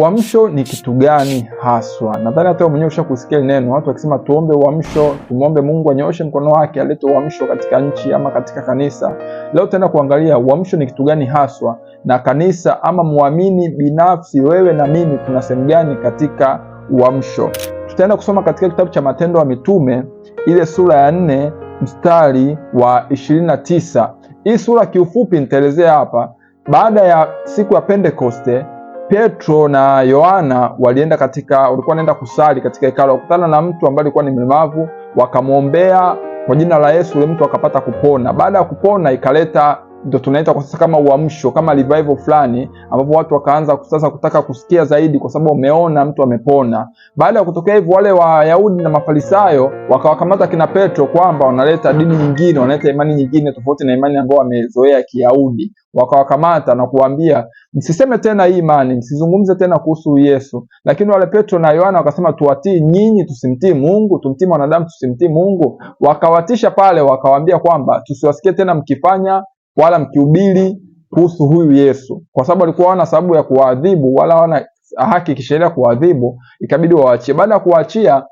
Uamsho ni kitu gani haswa? Nadhani hata mwenyewe ushakusikia neno watu wakisema tuombe uamsho, tumwombe Mungu anyooshe mkono wake alete uamsho katika nchi ama katika kanisa. Leo tutaenda kuangalia uamsho ni kitu gani haswa, na kanisa ama muamini binafsi, wewe na mimi, tuna sehemu gani katika uamsho. Tutaenda kusoma katika kitabu cha Matendo ya Mitume ile sura ya nne mstari wa ishirini na tisa. Hii sura kiufupi nitaelezea hapa. Baada ya siku ya Pentekoste Petro na Yohana walienda katika, walikuwa wanaenda kusali katika hekalo, wakutana na mtu ambaye alikuwa ni mlemavu, wakamwombea kwa jina la Yesu, ule mtu akapata kupona. Baada ya kupona, ikaleta ndo tunaita kwa sasa kama uamsho, kama revival fulani, ambapo watu wakaanza sasa kutaka kusikia zaidi, kwa sababu wameona mtu amepona. Baada ya kutokea hivyo, wale Wayahudi na Mafarisayo wakawakamata kina Petro kwamba wanaleta dini nyingine, wanaleta imani nyingine tofauti na imani ambayo wamezoea Kiyahudi. Wakawakamata na kuwambia, msiseme tena hii imani, msizungumze tena kuhusu Yesu. Lakini wale Petro na Yohana wakasema, tuwatii nyinyi, tusimtii Mungu, tumtii mwanadamu, tusimtii Mungu. Wakawatisha pale, wakawambia kwamba tusiwasikie tena mkifanya wala mkihubiri kuhusu huyu Yesu, kwa sababu walikuwa hawana sababu ya kuwaadhibu wala hawana haki kisheria kuwaadhibu, ikabidi wawachie Baada ya kuwaachia,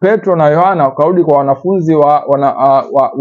Petro na Yohana wakarudi kwa wanafunzi wa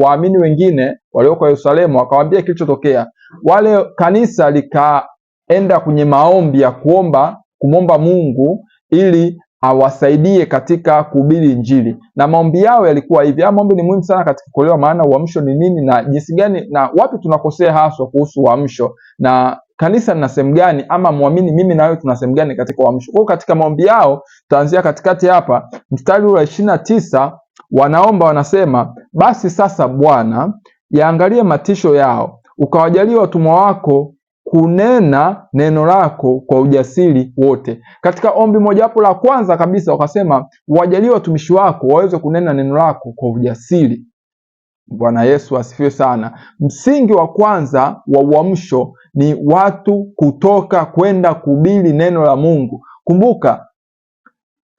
waamini wa, wa wengine walioko Yerusalemu, wakawaambia kilichotokea. Wale kanisa likaenda kwenye maombi ya kuomba kumwomba Mungu ili awasaidie katika kuhubiri Injili, na maombi yao yalikuwa hivi. Haya maombi ni muhimu sana katika kuelewa maana uamsho ni nini na jinsi gani na wapi tunakosea haswa kuhusu uamsho na kanisa lina sehemu gani, ama mwamini mimi na wewe tuna sehemu gani katika uamsho. Kwa katika maombi yao tutaanzia katikati hapa, mstari wa ishirini na tisa wanaomba wanasema, basi sasa Bwana, yaangalie matisho yao, ukawajalia watumwa wako kunena neno lako kwa ujasiri wote. Katika ombi mojawapo la kwanza kabisa wakasema, wajalie watumishi wako waweze kunena neno lako kwa ujasiri. Bwana Yesu asifiwe sana. Msingi wa kwanza wa uamsho ni watu kutoka kwenda kuhubiri neno la Mungu. Kumbuka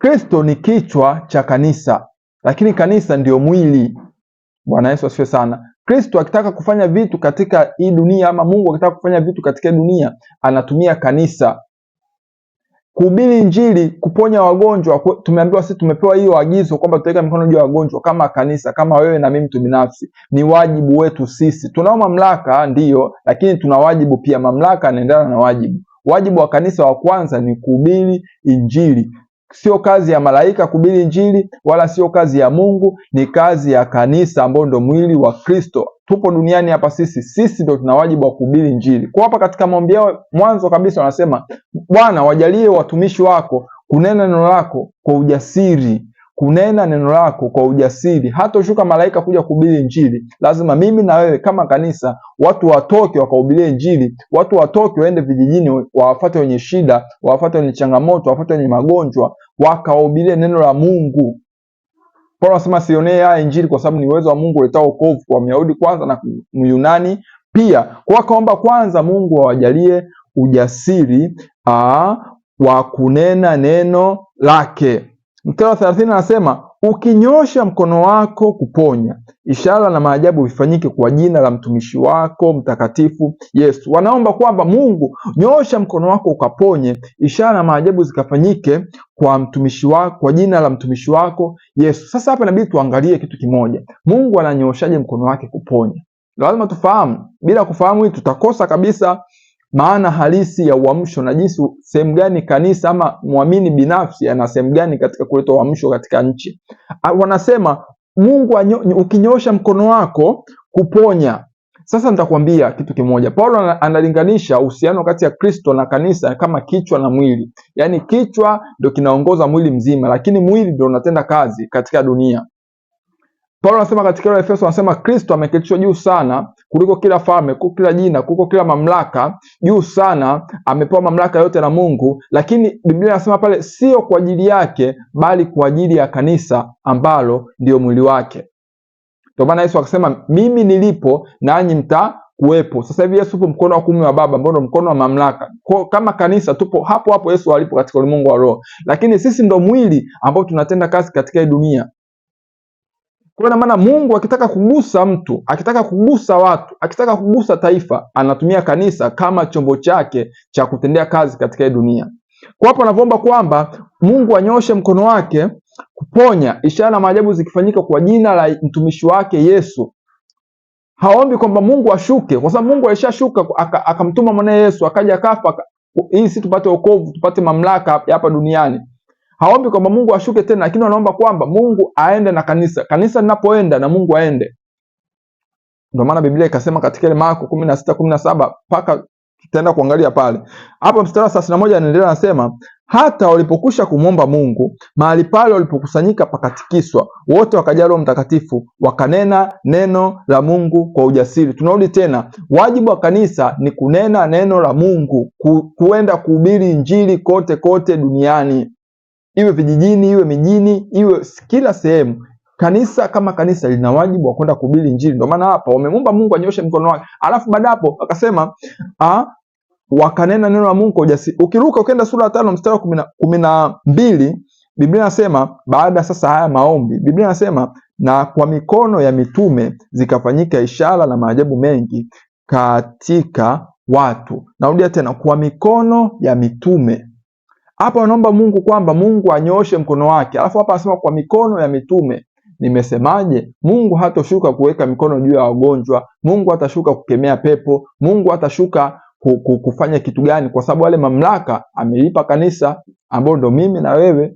Kristo ni kichwa cha kanisa, lakini kanisa ndiyo mwili. Bwana Yesu asifiwe sana. Kristo akitaka kufanya vitu katika hii dunia ama Mungu akitaka kufanya vitu katika dunia anatumia kanisa kuhubiri Injili, kuponya wagonjwa. Tumeambiwa sisi, tumepewa hiyo agizo kwamba tutaweka mikono juu ya wagonjwa kama kanisa, kama wewe na mimi, mtu binafsi. Ni wajibu wetu sisi. Tunao mamlaka ndiyo, lakini tuna wajibu pia. Mamlaka anaendana na wajibu. Wajibu wa kanisa wa kwanza ni kuhubiri Injili. Sio kazi ya malaika kubiri Injili, wala sio kazi ya Mungu, ni kazi ya kanisa ambao ndo mwili wa Kristo. Tupo duniani hapa sisi, sisi ndo tuna wajibu wa kuhubiri Injili. Kwa hapa katika maombi yao mwanzo kabisa wanasema, Bwana, wajalie watumishi wako kunena neno lako kwa ujasiri kunena neno lako kwa ujasiri. hata ushuka malaika kuja kuhubiri Injili, lazima mimi na wewe kama kanisa, watu watoke wakahubirie Injili, watu watoke waende vijijini, wawafate wenye shida, wawafate wenye changamoto, wawafate wenye magonjwa, wakahubirie neno la Mungu. Paulo anasema sionee haya Injili kwa sababu ni uwezo wa Mungu uletao wokovu kwa Myahudi kwanza na Myunani pia. Kwa kaomba kwanza Mungu awajalie ujasiri aa, wa kunena neno lake. Mstari wa thelathini anasema ukinyosha mkono wako kuponya, ishara na maajabu vifanyike kwa jina la mtumishi wako mtakatifu Yesu. Wanaomba kwamba Mungu, nyosha mkono wako ukaponye, ishara na maajabu zikafanyike kwa mtumishi wako, kwa jina la mtumishi wako Yesu. Sasa hapa inabidi tuangalie kitu kimoja, Mungu ananyooshaje mkono wake kuponya? Lazima tufahamu, bila kufahamu hii tutakosa kabisa maana halisi ya uamsho na jinsi sehemu gani kanisa ama mwamini binafsi ana sehemu gani katika kuleta uamsho katika nchi. Ah, wanasema Mungu anyo, ukinyosha mkono wako kuponya. Sasa nitakwambia kitu kimoja. Paulo analinganisha uhusiano kati ya Kristo na kanisa kama kichwa na mwili, yaani kichwa ndio kinaongoza mwili mzima, lakini mwili ndio unatenda kazi katika dunia. Paulo anasema katika Efeso, anasema Kristo ameketishwa juu sana kuliko kila falme, kuliko kila jina, kuliko kila mamlaka juu sana. Amepewa mamlaka yote na Mungu, lakini Biblia inasema pale, sio kwa ajili yake, bali kwa ajili ya kanisa ambalo ndiyo mwili wake. Ndio maana Yesu akasema, mimi nilipo nanyi mta kuwepo. Sasa hivi Yesu upo mkono wa kumi wa Baba, ambao ndio mkono wa mamlaka. Kwa kama kanisa tupo hapo hapo Yesu alipo katika ulimwengu wa roho, lakini sisi ndo mwili ambao tunatenda kazi katika hii dunia. Kwa maana Mungu akitaka kugusa mtu, akitaka kugusa watu, akitaka kugusa taifa, anatumia kanisa kama chombo chake cha kutendea kazi katika hii dunia. Kwa hapo anavyoomba kwamba Mungu anyoshe mkono wake kuponya, ishara na maajabu zikifanyika kwa jina la mtumishi wake Yesu. Haombi kwamba Mungu ashuke, kwa sababu Mungu alishashuka akamtuma aka mwanae Yesu akaja akafa, ili sisi tupate wokovu, tupate mamlaka hapa duniani haombi kwamba Mungu ashuke tena, lakini wanaomba kwamba Mungu aende na kanisa, kanisa linapoenda na Mungu aende. Ndio maana Biblia ikasema katika ile Marko 16:17 paka tutaenda kuangalia pale hapo mstari wa 31, anaendelea anasema, hata walipokusha kumwomba Mungu, mahali pale walipokusanyika pakatikiswa, wote wakajaa Roho Mtakatifu, wakanena neno la Mungu kwa ujasiri. Tunarudi tena, wajibu wa kanisa ni kunena neno la Mungu, ku, kuenda kuhubiri injili kote kote duniani iwe vijijini, iwe mijini, iwe kila sehemu. Kanisa kama kanisa lina wajibu wa kwenda kuhubiri Injili. Ndio maana hapa wamemuomba Mungu anyoshe mkono wake, alafu baada hapo akasema ah, wakanena neno la Mungu kwa ujasiri. Ukiruka ukienda sura ya tano mstari wa kumi na mbili Biblia nasema baada sasa haya maombi, Biblia nasema na kwa mikono ya mitume zikafanyika ishara na maajabu mengi katika watu. Narudia tena, kwa mikono ya mitume hapa anaomba Mungu kwamba Mungu anyooshe mkono wake, alafu hapa anasema kwa mikono ya mitume. Nimesemaje? Mungu hatoshuka kuweka mikono juu ya wagonjwa, Mungu hatashuka kukemea pepo, Mungu hatashuka kufanya kitu gani, kwa sababu wale mamlaka ameipa kanisa, ambao ndo mimi na wewe.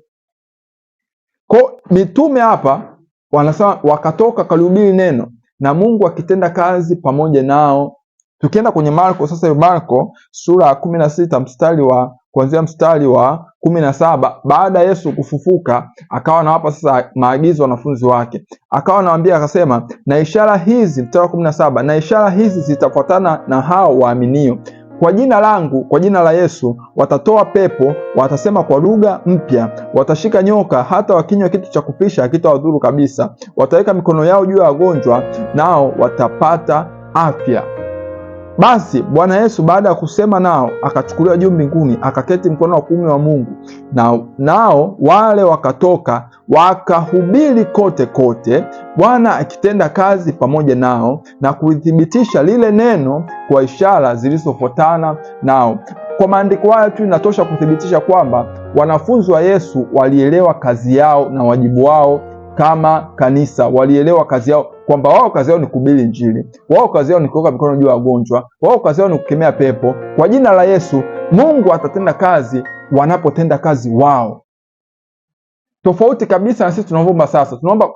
Kwa mitume hapa wanasema wakatoka kalihubiri neno na Mungu akitenda kazi pamoja nao. Tukienda kwenye Marko sasa, Marko sura ya kumi na sita mstari wa kuanzia mstari wa kumi na saba baada ya Yesu kufufuka, akawa anawapa sasa maagizo wanafunzi wake, akawa anawaambia akasema, na ishara hizi, mstari wa kumi na saba na ishara hizi zitafuatana na hao waaminio kwa jina langu, kwa jina la Yesu watatoa pepo, watasema kwa lugha mpya, watashika nyoka, hata wakinywa kitu cha kupisha hakitawadhuru kabisa, wataweka mikono yao juu ya wagonjwa, nao watapata afya. Basi Bwana Yesu baada ya kusema nao akachukuliwa juu mbinguni, akaketi mkono wa kuume wa Mungu. Na nao wale wakatoka wakahubiri kote kote, Bwana akitenda kazi pamoja nao na kulithibitisha lile neno kwa ishara zilizofuatana nao. Kwa maandiko haya tu inatosha kuthibitisha kwamba wanafunzi wa Yesu walielewa kazi yao na wajibu wao kama kanisa, walielewa kazi yao kwamba wao kazi yao ni kuhubiri Injili, wao kazi yao ni kuweka mikono juu ya wagonjwa, wao kazi yao ni kukemea pepo. Kwa jina la Yesu, Mungu atatenda kazi wanapotenda kazi wao, tofauti kabisa na sisi tunaomba sasa. Tunaomba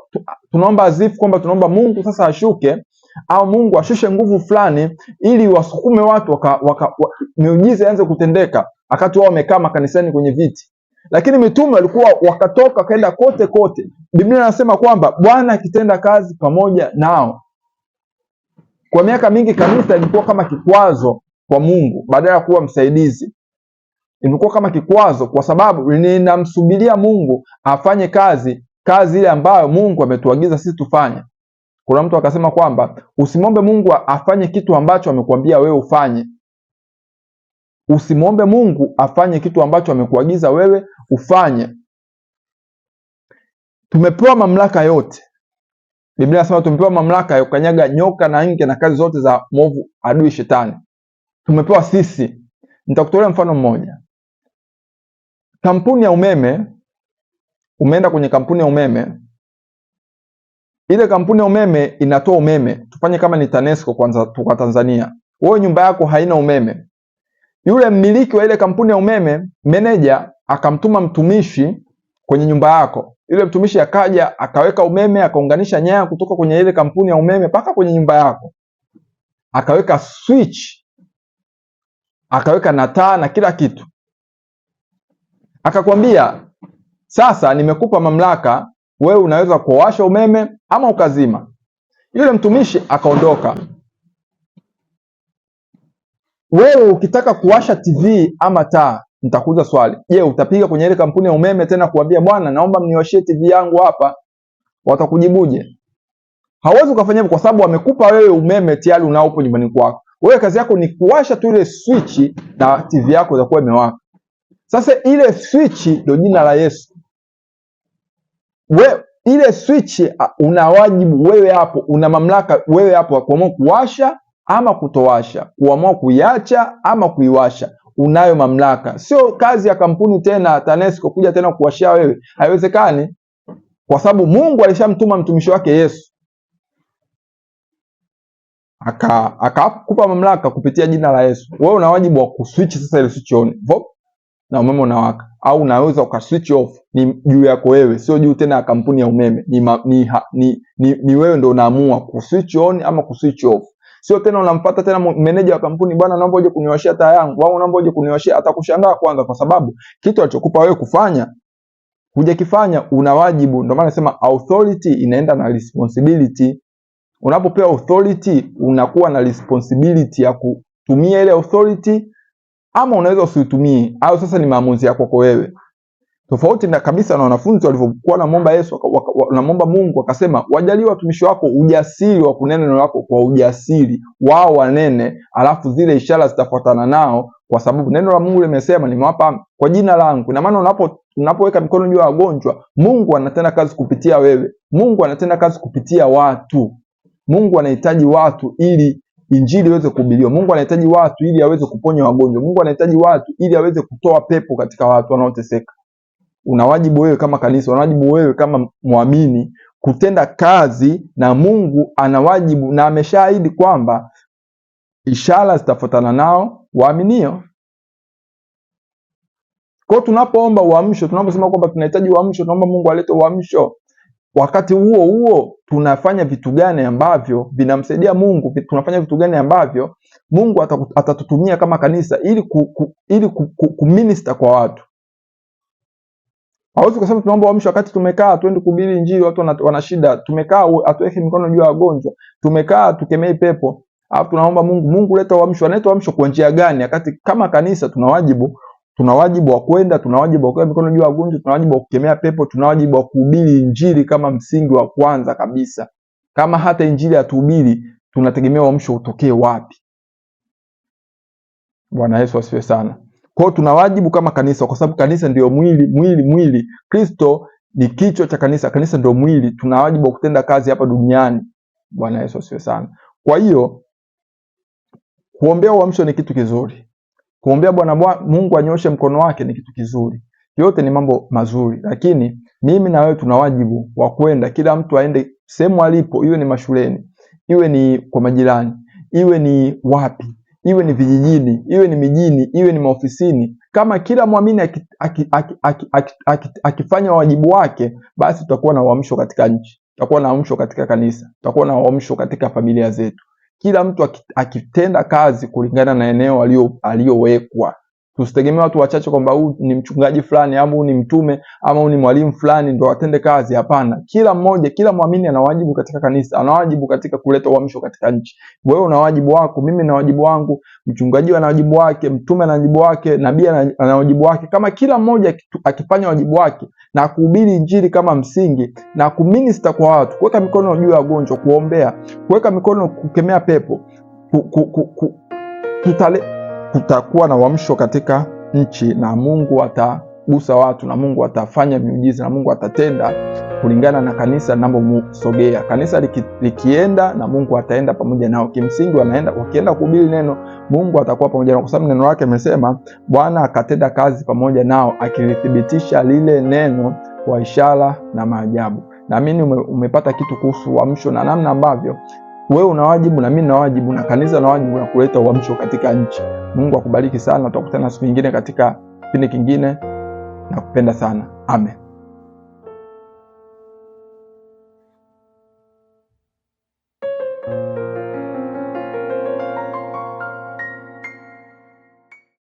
tunaomba azifu kwamba tunaomba Mungu sasa ashuke au Mungu ashushe nguvu fulani ili wasukume watu waka, waka, wa, miujiza ianze kutendeka, wakati wao wamekaa makanisani kwenye viti. Lakini mitume walikuwa wakatoka wakaenda kote kote. Biblia inasema kwamba Bwana akitenda kazi pamoja nao. Kwa miaka mingi kanisa ilikuwa kama kikwazo kwa Mungu badala ya kuwa msaidizi. imekuwa kama kikwazo kwa sababu linamsubiria Mungu afanye kazi, kazi ile ambayo Mungu ametuagiza sisi tufanye. Kuna mtu akasema kwamba usimwombe Mungu afanye kitu ambacho amekuambia wewe ufanye. Usimwombe Mungu afanye kitu ambacho amekuagiza wewe ufanye. Tumepewa mamlaka yote. Biblia inasema tumepewa mamlaka ya kukanyaga nyoka na nge na kazi zote za mwovu adui shetani. Tumepewa sisi. Nitakutolea mfano mmoja. Kampuni ya umeme, umeenda kwenye kampuni ya umeme. Ile kampuni ya umeme inatoa umeme. Tufanye kama ni TANESCO kwanza kwa Tanzania. Wewe nyumba yako haina umeme yule mmiliki wa ile kampuni ya umeme, meneja akamtuma mtumishi kwenye nyumba yako. Yule mtumishi akaja akaweka umeme, akaunganisha nyaya kutoka kwenye ile kampuni ya umeme mpaka kwenye nyumba yako, akaweka switch, akaweka na taa na kila kitu, akakwambia sasa nimekupa mamlaka, wewe unaweza kuwasha umeme ama ukazima. Yule mtumishi akaondoka. Wewe ukitaka kuwasha TV ama taa, nitakuuliza swali. Je, utapiga kwenye ile kampuni ya umeme tena kuambia bwana, naomba mniwashie TV yangu hapa? Watakujibuje? Hawezi ukafanya hivyo, kwa sababu wamekupa wewe umeme tayari unao upo nyumbani kwako. Wewe kazi yako ni kuwasha tu ile switch na TV yako itakuwa imewaka. Sasa ile swichi ndio jina la Yesu. We, ile swichi una wajibu wewe, hapo una mamlaka wewe hapo kuamua kuwasha ama kutowasha, kuamua kuiacha ama kuiwasha, unayo mamlaka. Sio kazi ya kampuni tena TANESCO kuja tena kuwashia wewe, haiwezekani, kwa sababu Mungu alishamtuma mtumishi wake Yesu aka akakupa mamlaka kupitia jina la Yesu. Wewe una wajibu wa kuswitch sasa, ile switch on vop na umeme unawaka, au unaweza ukaswitch off. Ni juu yako wewe, sio juu tena ya kampuni ya umeme. Ni, ma, ni, ha, ni, ni, ni wewe ndo unaamua kuswitch on ama kuswitch off. Sio tena unampata tena meneja wa kampuni, bwana, naomba uje kuniwashia taa yangu, wao naomba uje kuniwashia. Atakushangaa kwanza, kwa sababu kitu alichokupa wewe kufanya hujakifanya, una wajibu. Ndio maana nasema authority inaenda na responsibility. Unapopewa authority, unakuwa na responsibility ya kutumia ile authority, ama unaweza usitumie. au sasa ni maamuzi yako wewe tofauti na kabisa na wanafunzi walivyokuwa wanamwomba Yesu wanamwomba Mungu, akasema wajalie watumishi wako ujasiri wa kunena neno lako kwa ujasiri, wao wanene, alafu zile ishara zitafuatana nao, kwa sababu neno la Mungu limesema nimewapa kwa jina langu. Ina maana unapo unapoweka mikono juu ya wagonjwa, Mungu anatenda kazi kupitia wewe. Mungu anatenda kazi kupitia watu. Mungu anahitaji watu ili injili iweze kuhubiriwa. Mungu anahitaji watu ili aweze kuponya wagonjwa. Mungu anahitaji watu ili aweze kutoa pepo katika watu wanaoteseka una wajibu wewe kama kanisa, una wajibu wewe kama mwamini kutenda kazi, na Mungu ana wajibu na ameshaahidi kwamba ishara zitafuatana nao waaminio. Kwa tunapoomba uamsho, tunaposema kwamba tunahitaji uamsho, tunaomba Mungu alete uamsho. Wakati huo huo tunafanya vitu gani ambavyo vinamsaidia Mungu? Tunafanya vitu gani ambavyo Mungu atatutumia kama kanisa ili ku, ku, ili ku, ku, ku minister kwa watu? Hawezi kusema tunaomba uamsho wakati tumekaa twende kuhubiri injili, watu wana shida, tumekaa atuweke mikono juu ya wagonjwa, tumekaa tukemee pepo, alafu tunaomba Mungu, Mungu leta uamsho. Analeta uamsho kwa njia gani? Wakati kama kanisa tuna wajibu, tuna wajibu wa kwenda, tuna wajibu wa kuweka mikono juu ya wagonjwa, tuna wajibu wa kukemea pepo, tuna wajibu wa kuhubiri injili kama msingi wa kwanza kabisa. Kama hata injili hatuhubiri, tunategemea uamsho utokee wapi? Bwana Yesu asifiwe sana. Kwa hiyo tuna wajibu kama kanisa, kwa sababu kanisa ndio mwili, mwili, mwili. Kristo ni kichwa cha kanisa, kanisa ndio mwili. Tuna wajibu wa kutenda kazi hapa duniani. Bwana Yesu asifiwe sana. Kwa hiyo kuombea uamsho ni kitu kizuri, kuombea Bwana Mungu anyoshe mkono wake ni kitu kizuri, yote ni mambo mazuri, lakini mimi na wewe tuna wajibu wa kwenda, kila mtu aende sehemu alipo, iwe ni mashuleni, iwe ni kwa majirani, iwe ni wapi iwe ni vijijini, iwe ni mijini, iwe ni maofisini, kama kila mwamini akifanya wajibu wake, basi tutakuwa na uamsho katika nchi, tutakuwa na uamsho katika kanisa, tutakuwa na uamsho katika familia zetu. Kila mtu akitenda kazi kulingana na eneo aliyowekwa Tusitegemee watu wachache kwamba huu ni mchungaji fulani ama huu ni mtume ama huu ni mwalimu fulani ndio watende kazi. Hapana, kila mmoja, kila mwamini ana wajibu katika kanisa, ana wajibu katika kuleta uamsho katika nchi. Wewe una wajibu wako, mimi na wajibu wangu, mchungaji ana wajibu wake, mtume ana wajibu wake, nabii ana wajibu wake. Kama kila mmoja akifanya wajibu wake na kuhubiri injili kama msingi na kuminista kwa watu, kuweka mikono juu ya wagonjwa, kuombea, kuweka mikono, kukemea pepo ku, ku, ku, ku, tutale, kutakuwa na uamsho katika nchi na Mungu atagusa watu na Mungu atafanya miujiza na Mungu atatenda kulingana na kanisa linavyomsogea. Kanisa liki, likienda na Mungu ataenda pamoja nao. Kimsingi wanaenda wakienda kuhubiri neno, Mungu atakuwa pamoja nao, kwa sababu neno lake amesema Bwana akatenda kazi pamoja nao, akilithibitisha lile neno kwa ishara na maajabu. Naamini ume, umepata kitu kuhusu uamsho na namna ambavyo wewe una wajibu na mimi nina wajibu na kanisa na wajibu na kuleta uamsho katika nchi. Mungu akubariki sana, tutakutana siku nyingine katika kipindi kingine. Nakupenda sana, amen.